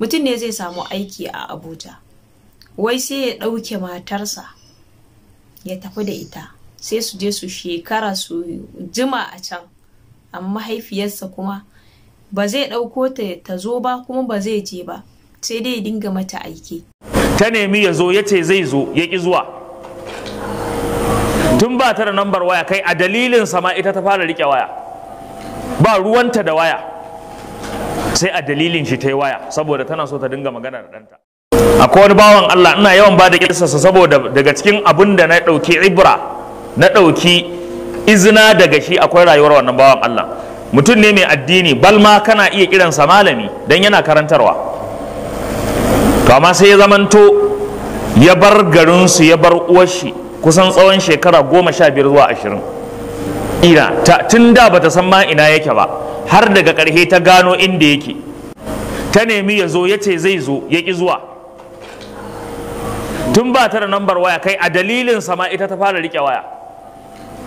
mutum ne zai samu aiki a abuja wai sai ya ɗauke matarsa ya tafi da ita sai su je su shekara su jima a can amma mahaifiyarsa kuma ba zai ɗauko ta ta zo ba kuma ba zai je ba sai dai dinga mata aiki ta nemi ya zo ya ce zai zo ya ƙi zuwa tun ba ta da nambar waya kai a dalilin sama ita ta fara riƙe waya ba ruwanta da waya sai a dalilin shi ta yi waya saboda tana so ta dinga magana da ɗanta akwai wani bawan Allah ina yawan ba da sa, saboda daga cikin abin da na ɗauki ibra na ɗauki izina daga shi akwai rayuwar wannan bawan Allah mutum ne mai addini balma kana iya kiransa malami don yana karantarwa to amma sai ya zamanto ya bar garinsu ya bar uwarshi kusan tsawon shekara goma sha biyar zuwa ashirin ina tun da bata san ma ina yake ba har daga ƙarshe ta gano inda yake ta nemi ya zo ya ce zai zo ya ƙi zuwa tun ba ta da nambar waya kai a dalilin sama ita ta fara riƙe waya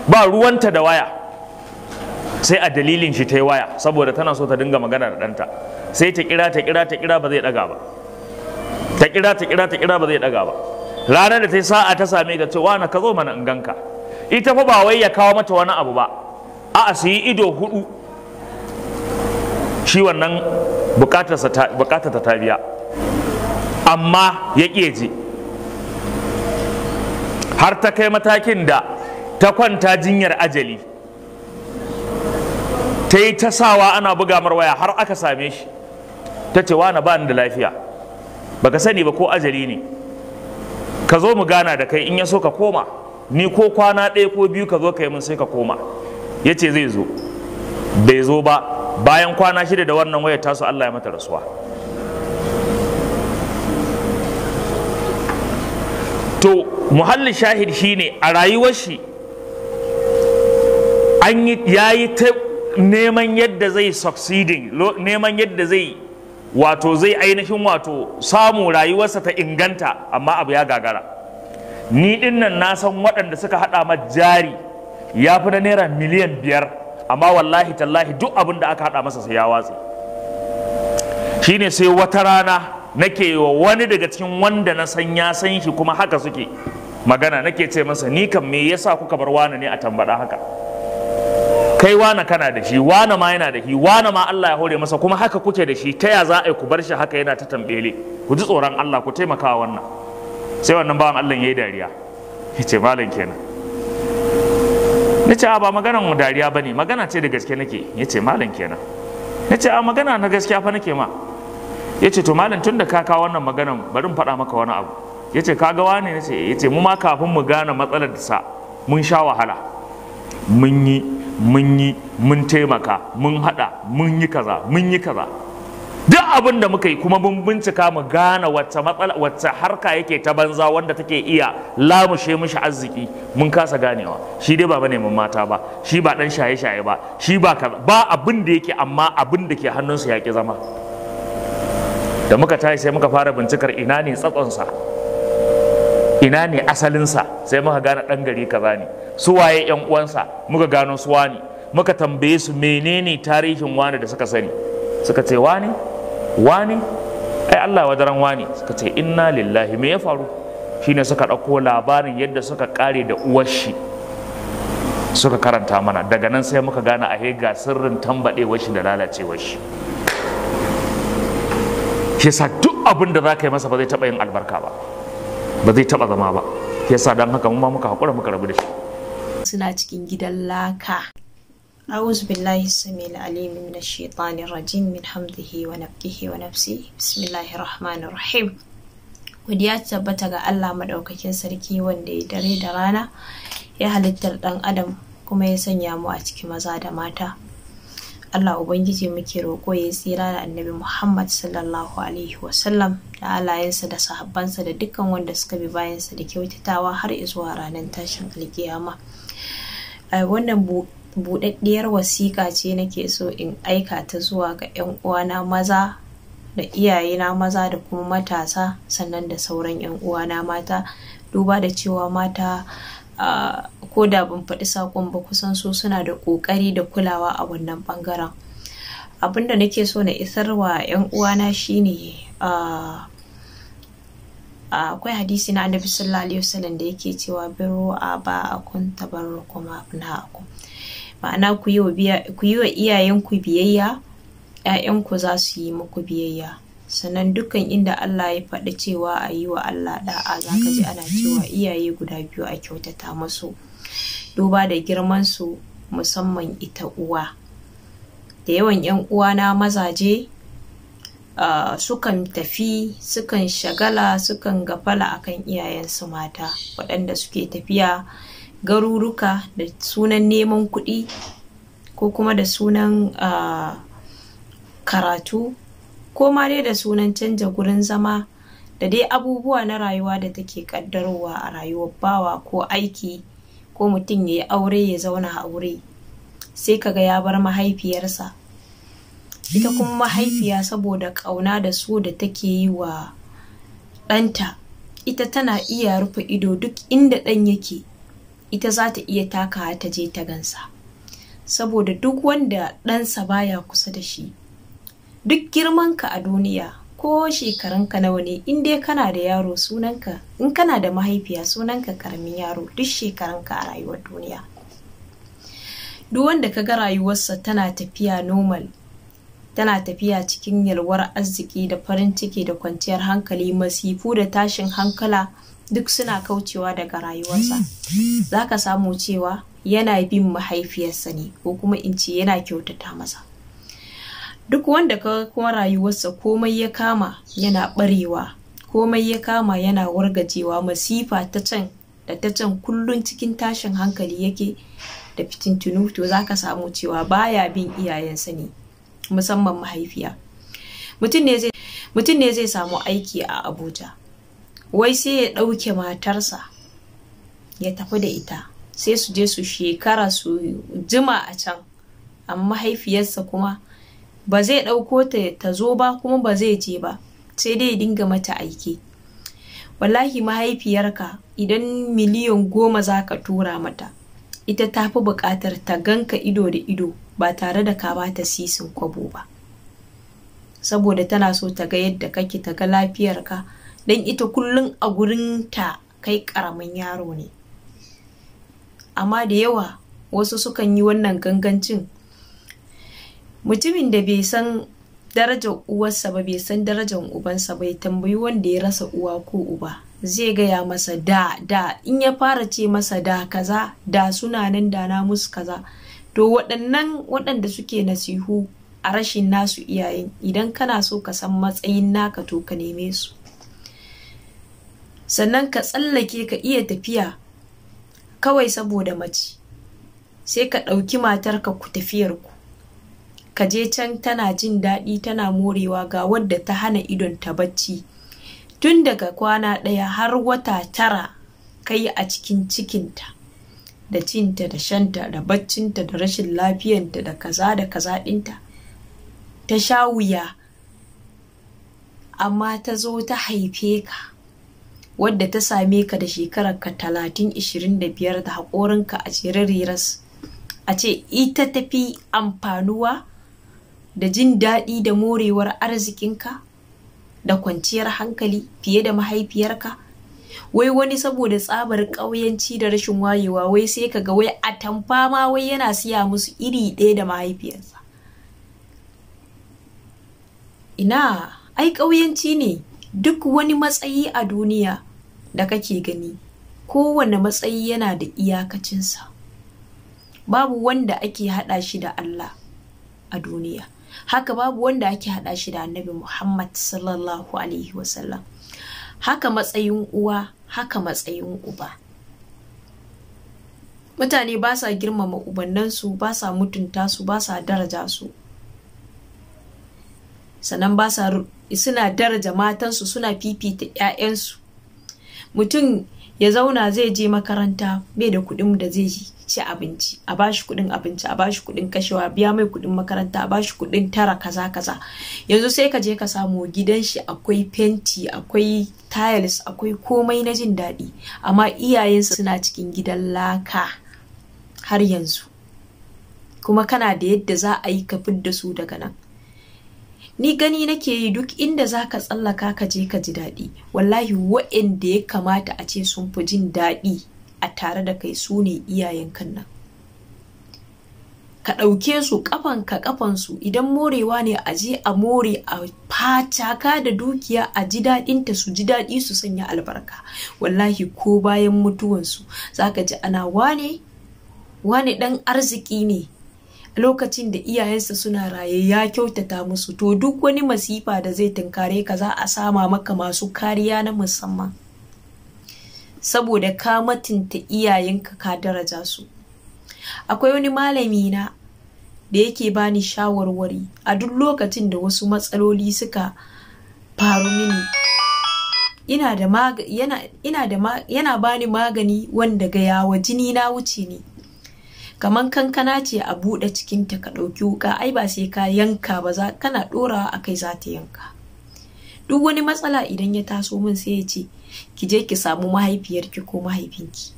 ba ruwanta da waya sai a dalilin shi ta yi waya saboda tana so ta dinga magana da ɗanta sai ta kira ta kira ta kira ba zai ɗaga ba ta kira ta kira ta kira ba zai ɗaga ba ranar da ta yi sa'a ta same ta cewa na ka zo mana in ganka ita fa ba wai ya kawo mata wani abu ba a'a su yi ido hudu shi wannan bukatar ta biya amma ya ƙeji har ta kai matakin da ta kwanta jinyar ajali ta yi ta sawa ana buga marwaya har aka same shi ta ce wa na ba ni da lafiya baka sani ba ko ajali ne ka zo mu gana da kai in ya so ka koma ni ko kwana ɗaya ko biyu ka zo ka yi min sai ka koma ya ce zai zo bai zo ba bayan kwana shida da wannan waya tasu Allah ya mata rasuwa to muhalli shahid shine a rayuwar shi an yi ta neman yadda zai succeeding neman yadda zai wato zai ainihin wato samu rayuwarsa ta inganta amma abu ya gagara ni dinnan na san waɗanda suka haɗa ma jari ya fi na naira miliyan biyar amma wallahi tallahi duk abin da aka haɗa masa sai ya watsi shine sai wata rana nake wa wani daga cikin wanda na san ya san shi kuma haka suke magana nake ce masa ni kan me yasa kuka bar wani ne a tambada haka kai wani kana da shi wani ma yana da shi wani ma Allah ya hore masa kuma haka kuke da shi ta ya za a ku bar shi haka yana ta tambele ku ji tsoron Allah ku taimaka wannan sai wannan bawan Allah ya yi dariya ya malam kenan na ce a ba maganan dariya ba ne magana ce da gaske nake ya ce malam kenan na ce a magana na gaskiya fa nake ma ya ce to malam tun da ka kawo wannan maganan bari in faɗa maka wani abu ya ce ka ga wane eh. ya ce mu ma kafin mu gane matsalar da sa mun sha wahala mun yi mun yi mun taimaka mun haɗa mun yi kaza mun yi kaza abin da muka yi kuma mun bincika mu gane wacce matsala wacce harka yake ta banza wanda take iya lamushe mishi arziki mun kasa ganewa shi dai ba ne mun mata ba shi ba dan shaye shaye ba shi ba ba abin da yake amma abin da ke hannunsa ya ki zama da muka tashi sai muka fara bincikar ina ne tsatsonsa ina ne asalinsa sai muka gane ɗan gari kaza ne su waye yan uwansa muka gano su wani muka tambaye su menene tarihin wani da suka sani suka ce wani wani ai Allah wa daren wani suka ce inna lillahi me ya faru Shi shine suka ɗauko labarin yadda suka ƙare da uwar shi suka karanta mana daga nan sai muka gane a ga sirrin tambaɗewar shi da lalacewar shi yasa duk abin da za ka yi masa ba zai taɓa yin albarka ba ba zai taɓa zama ba yasa don haka mun ma muka haƙura muka rabu da shi suna cikin gidan laka أعوذ بالله السميع العليم من الشيطان الرجيم من حمده ونبكه ونفسه بسم الله الرحمن الرحيم godiya tabbata ga Allah madaukakin sarki wanda ya dare da rana ya halittar ɗan adam kuma ya sanya mu a cikin maza da mata Allah ubangiji muke roƙo ya tsira da annabi Muhammad sallallahu alaihi da alayensa da sahabbansa da dukkan wanda suka bi bayansa da kyautatawa har izuwa ranar tashin alkiyama wannan buɗaɗɗiyar wasiƙa ce nake so in aika ta zuwa ga 'yan uwana maza da iyayena maza da kuma matasa sannan da sauran 'yan uwana mata duba da cewa mata ko da ban faɗi saƙon ba kusan su suna da ƙoƙari da kulawa a wannan ɓangaren abin da nake so na isarwa wa 'yan uwana shine akwai hadisi na annabi sallallahu alaihi wasallam da yake cewa biro a ba a kun na abna'akum ma'ana ku yi wa iyayenku biyayya ‘ya'yanku za su yi muku biyayya sannan dukkan inda Allah ya faɗi cewa a yi wa Allah da'a za ka ji ana cewa iyaye guda biyu a kyautata masu duba da girmansu musamman ita uwa da yawan ‘yan uwa na mazaje sukan tafi sukan shagala sukan gafala akan iyayensu mata waɗanda suke tafiya garuruka da sunan neman kuɗi ko kuma da sunan karatu ko ma dai da sunan canja gurin zama da dai abubuwa na rayuwa da take kaddarowa a rayuwar bawa ko aiki ko mutum ya yi aure ya zauna a aure sai kaga ya bar mahaifiyarsa ita kuma mahaifiya saboda kauna da su da take yi wa ɗanta ita tana iya rufe ido duk inda ɗan yake ita za ta iya takawa ta je ta gansa saboda duk wanda ɗansa baya kusa da shi duk girmanka a duniya ko shekarunka nawa ne in dai kana da yaro sunanka in kana da mahaifiya sunanka karamin yaro duk shekarunka a rayuwar duniya duk wanda ka ga rayuwarsa tana tafiya normal tana tafiya cikin yalwar arziki da farin ciki da kwanciyar hankali masifu da tashin hankala duk suna kaucewa daga rayuwarsa za ka samu cewa yana bin mahaifiyarsa ne ko kuma in ce yana kyautata masa duk wanda ka kuma rayuwarsa komai ya kama yana barewa komai ya kama yana wargajewa masifa ta can da ta can kullun cikin tashin hankali yake da fitintunu to za ka samu cewa baya bin iyayensa ne musamman mahaifiya mutum ne zai samu aiki a abuja wai sai ya ɗauke matarsa ya tafi da ita sai su je su shekara su jima a can amma mahaifiyarsa kuma ba zai ɗauko ta ta zo ba kuma ba zai je ba sai dai ya dinga mata aiki wallahi mahaifiyarka idan miliyan goma za ka tura mata ita ta fi buƙatar ta ganka ido da ido ba tare da ka ba ta sisin kwabo ba saboda tana so ta ga yadda kake ta ga lafiyarka don ita kullum a gurin ta kai karamin yaro ne amma da yawa wasu sukan yi wannan gangancin mutumin da bai san darajar uwarsa ba bai san darajar ubansa bai tambayi wanda ya rasa uwa ko uba zai gaya masa da da in ya fara ce masa da kaza da suna nan da na musu kaza to waɗannan waɗanda suke nasihu a rashin nasu iyayen idan kana so ka san matsayin naka to ka neme su sannan ka tsallake ka iya tafiya kawai saboda mace sai ka ɗauki matarka ku tafiyarku ka je can tana jin daɗi tana morewa ga wadda ta hana idon ta bacci tun daga kwana ɗaya har wata tara ka yi a cikin cikinta da cinta da shanta da baccinta da rashin lafiyanta da kaza da kaza ɗinta ta sha wuya amma ta zo ta haife ka wadda ta same ka da shekarar ka talatin ishirin da biyar da haƙorinka a jere a ce ita tafi amfanuwa da jin daɗi da morewar arzikinka da kwanciyar hankali fiye da mahaifiyarka wai wani saboda tsabar ƙauyanci da rashin wayewa wai sai ka ga wai a tamfa ma wai yana siya musu iri ɗaya da mahaifiyarsa ina ai ƙauyanci ne duk wani matsayi a duniya da kake gani kowane matsayi yana da iyakacinsa babu wanda ake haɗa shi da Allah a duniya haka babu wanda ake haɗa shi da annabi Muhammad sallallahu alaihi wasallam haka matsayin uwa haka matsayin uba mutane ba sa girmama ubannansu ba sa mutunta su ba sa daraja su sannan ba sa suna daraja matansu suna fifita 'ya'yansu mutum ya zauna zai je makaranta bai da kuɗin da zai ci abinci a bashi kuɗin abinci a bashi kuɗin kashewa biya mai kuɗin makaranta a bashi kuɗin tara kaza kaza yanzu sai ka je ka samu gidan shi akwai fenti akwai tiles akwai komai na jin daɗi amma iyayensa suna cikin gidan laka har yanzu kuma kana da yadda za a yi ka fidda su daga nan ni gani nake yi duk inda za ka tsallaka ka je ka ji daɗi wallahi wa'inda ya kamata a ce sun fi jin daɗi a tare da kai su ne iyayen kannan nan ka ɗauke su kafan ka kafan su idan morewa ne a je a more a fataka da dukiya a ji daɗinta su ji daɗi su sanya albarka wallahi ko bayan mutuwansu za ka ji ana wane wane ɗan arziki ne lokacin da iyayensa suna raye ya kyautata musu to duk wani masifa da zai tunkare ka za a sama maka masu kariya na musamman saboda ka matinta iyayenka ka daraja su akwai wani malami na da yake bani shawarwari a duk lokacin da wasu matsaloli suka faru mini yana, yana bani magani wanda ga yawa jini na wuce ne kaman kankana ce a buɗe cikinta ka ɗauki wuka ai ba sai ka yanka ba za kana ɗorawa a kai za ta yanka duk wani matsala idan ya taso min sai ya ce ki je ki samu mahaifiyarki ko mahaifinki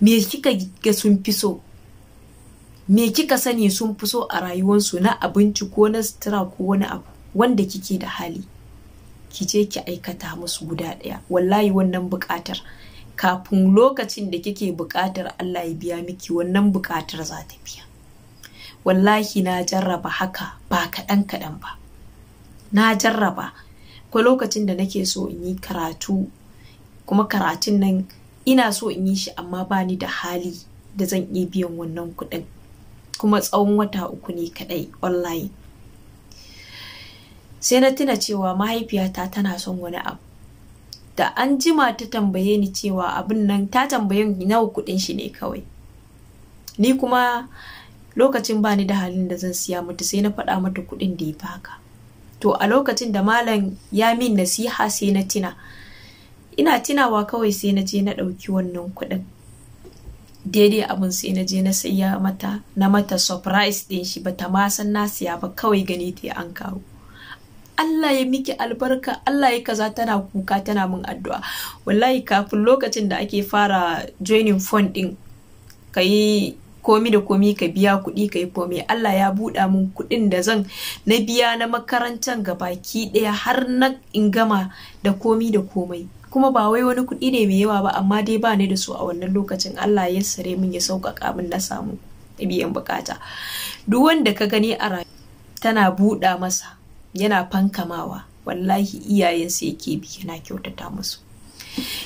me kika ga sun fi so me kika sani sun fi so a rayuwarsu na abinci ko na sutura ko wani abu wanda kike da hali ki je ki aikata musu guda ɗaya wallahi wannan buƙatar kafin lokacin da kike buƙatar Allah ya biya miki wannan buƙatar za ta biya wallahi na jarraba haka ba kaɗan kaɗan ba na jarraba ko lokacin da nake so in yi karatu kuma karatun nan ina so in yi shi amma ba ni da hali da zan iya biyan wannan kuɗin kuma tsawon wata uku ne kaɗai online sai na tuna cewa mahaifiyata tana son wani abu da an jima ta tambaye ni cewa abin nan ta tambaye nawa kudin shi ne kawai ni kuma lokacin ba ni da halin da zan siya mata sai na faɗa mata kudin da ya baka to a lokacin da malam ya min nasiha sai na tina ina tinawa kawai sai na je na ɗauki wannan kudin. daidai abin sai na je na siya mata na mata surprise ɗin shi ba ta ma san na siya ba kawai gani ta an kawo Allah ya miki albarka Allah ya kaza tana kuka tana min addu'a wallahi kafin lokacin da ake fara joining fund din ka yi komi da komi ka biya kuɗi ka yi komi Allah ya buɗa min kuɗin da zan na biya na makarantar gabaki ɗaya har na in gama da komi da komai kuma ba wai wani kuɗi ne mai yawa ba amma dai ba ni da su a wannan lokacin Allah ya sare min ya sauƙaƙa min na samu biyan bukata duk wanda ka gani a rayuwa tana buɗa masa yana fankamawa wallahi iyayen su yake bi yana kyautata musu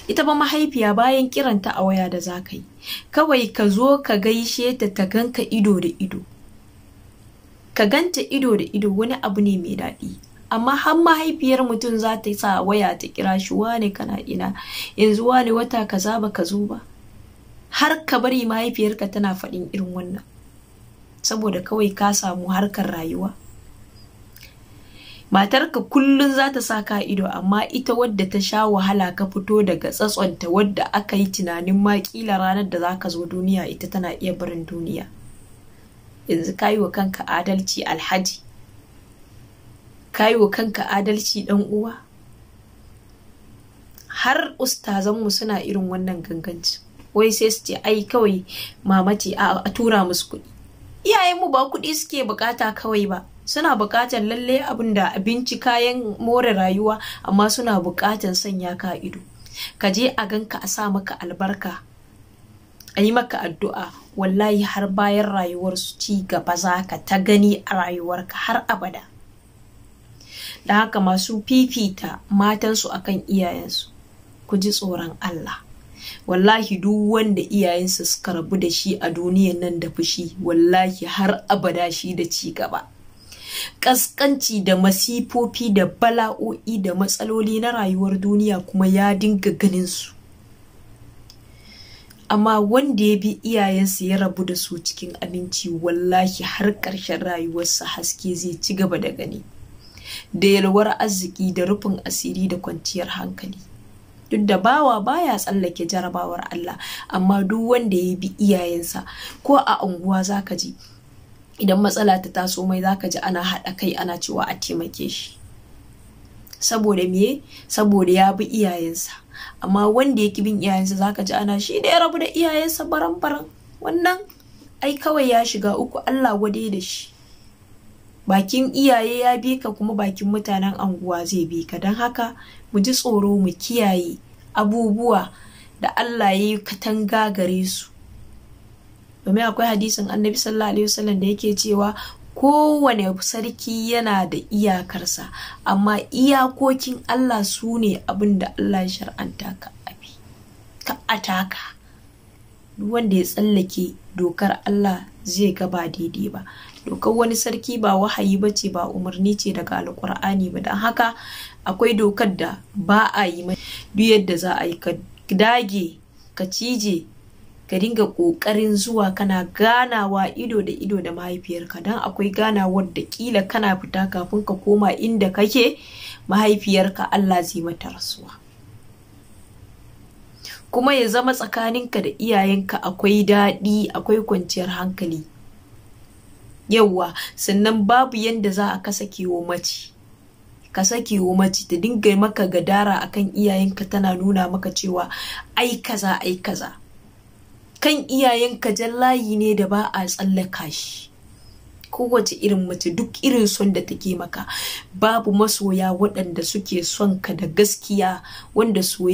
ita ba mahaifiya bayan kiranta a waya da zaka yi kawai ka zo ka gaishe ta ta ganka ido da ido ka ganta ido da ido wani abu ne mai daɗi amma har mahaifiyar mutum za ta sa waya ta kira shi wane kana ina yanzu wane wata ka za ba ka zo ba har ka bari mahaifiyarka tana faɗin irin wannan saboda kawai ka samu harkar rayuwa matarka kullum za ta sa ka ido amma ita wadda ta sha wahala ka fito daga tsatsonta wadda aka yi tunanin ma kila ranar da za ka zo duniya ita tana iya barin duniya yanzu ka yi wa kanka adalci alhaji ka yi wa kanka adalci dan uwa har ustazanmu suna irin wannan ganganci wai sai su ce ai kawai mamaci a tura musu kuɗi iyayenmu ba kuɗi suke bukata kawai ba suna buƙatar lalle abin da abinci kayan more rayuwa amma suna buƙatar sanya ka ido ka je a ganka a sa maka albarka a yi maka addu'a wallahi har bayan rayuwarsu ci gaba za ka ta gani a rayuwarka har abada da haka masu fifita matansu akan iyayensu ku ji tsoron Allah wallahi duk wanda iyayensu suka rabu da shi a duniyan nan da fushi wallahi har abada shi da ci gaba ƙasƙanci da masifofi da bala'o'i da matsaloli na rayuwar duniya kuma ya dinga ganin su amma wanda ya bi iyayensa ya rabu da su cikin abinci, wallahi har ƙarshen rayuwarsa haske zai ci gaba da gani da yalwar arziki da rufin asiri da kwanciyar hankali duk da bawa baya tsallake jarabawar Allah amma duk wanda ya bi iyayensa ko a unguwa zaka ji idan matsala ta taso mai zaka ji ana haɗa kai ana cewa a taimake shi saboda me saboda ya bi iyayensa amma wanda ya bin iyayensa zaka ji ana shi da ya rabu da iyayensa baran baran wannan ai kawai ya shiga uku Allah gwade da shi bakin iyaye ya bi ka kuma bakin mutanen anguwa zai bi ka don haka mu ji tsoro mu kiyaye abubuwa da Allah ya yi katanga gare su domin akwai hadisin annabi sallallahu alaihi wasallam da yake cewa kowane sarki yana da iyakarsa amma iyakokin Allah su ne abin da Allah ya shar'anta ka abi ka ataka wanda ya tsallake dokar Allah zai ga ba daidai ba dokar wani sarki ba wahayi ba ce ba umarni ce daga alkur'ani ba don haka akwai dokar da ba a yi duk yadda za a yi ka dage ka cije ka dinga ƙoƙarin zuwa kana ganawa ido da ido da mahaifiyarka don akwai ganawar da ƙila kana fita kafin ka koma inda kake mahaifiyarka Allah zai mata rasuwa kuma ya zama tsakaninka da iyayenka akwai daɗi akwai kwanciyar hankali yawwa sannan babu yadda za a kasa kewa mace ka sake mace ta dinga maka gadara akan iyayenka tana nuna maka cewa ai kaza ai kaza kan iyayenka jan layi ne da ba a tsallaka shi kowace irin mace duk irin son da take maka babu masoya waɗanda suke son ka da gaskiya wanda su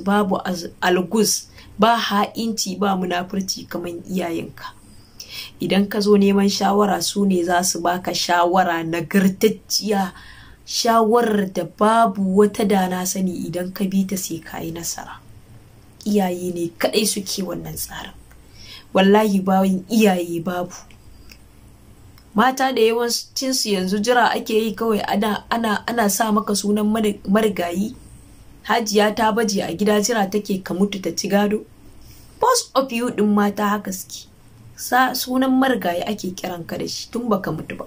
babu algus ba ha'inci ba munafurci kamar iyayenka idan ka zo neman shawara su ne za su baka shawara nagartacciya shawarar da babu wata dana sani idan ka bi ta sai ka yi nasara iyaye ne kadai suke wannan tsarin wallahi bayan iyaye babu mata da yawancinsu yanzu jira ake yi kawai ana, ana, ana sa maka sunan marigayi hajiya ta baje a gida jira take ka mutu ta ci gado post of you din mata haka suke sunan marigayi ake kiran ka da shi tun baka mutu ba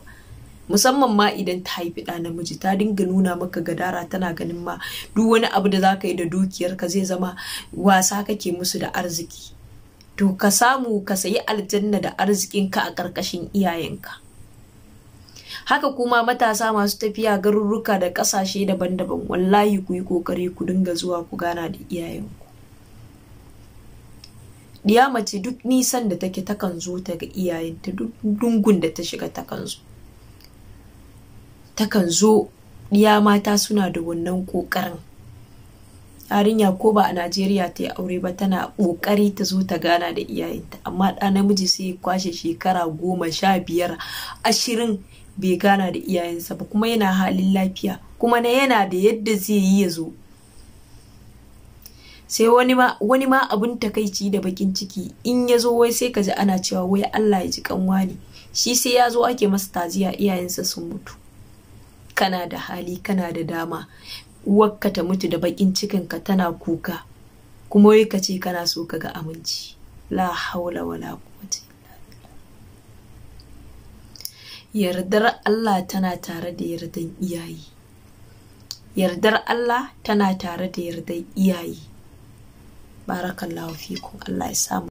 musamman ma idan ta haifi ɗa namiji ta dinga nuna maka gadara tana ganin ma duk wani abu da za ka yi da dukiyar ka zai zama wasa kake musu da arziki to ka samu ka sayi aljanna da arzikin ka a ƙarƙashin iyayenka haka kuma matasa masu tafiya garuruka da ƙasashe daban-daban wallahi ku yi ƙoƙari ku dinga zuwa ku gana da iyayenku ɗiya mace duk nisan da take takan zo ta ga iyayenta duk dungun da ta shiga takan zo takan zo ɗiya mata suna da wannan ƙoƙarin yarinya ko ba a najeriya ta yi aure ba tana ƙoƙari ta zo ta gana da iyayenta amma ɗa namiji sai ya kwashe shekara goma sha biyar ashirin bai gana da iyayensa ba kuma yana halin lafiya kuma na yana da yadda zai yi ya zo sai wani ma wani ma abin takaici da bakin ciki in ya zo wai sai ka ji ana cewa wai Allah ya ji kanwa ne shi sai ya zo ake masa taziya iyayensa sun mutu kana da hali kana da dama uwarka ta mutu da bakin cikinka tana kuka kuma wai ka ce kana so ka ga aminci la haula wala quwwata yardar Allah tana tare da yardan iyaye yardar Allah tana tare da yardan iyaye barakallahu fikum Allah ya samu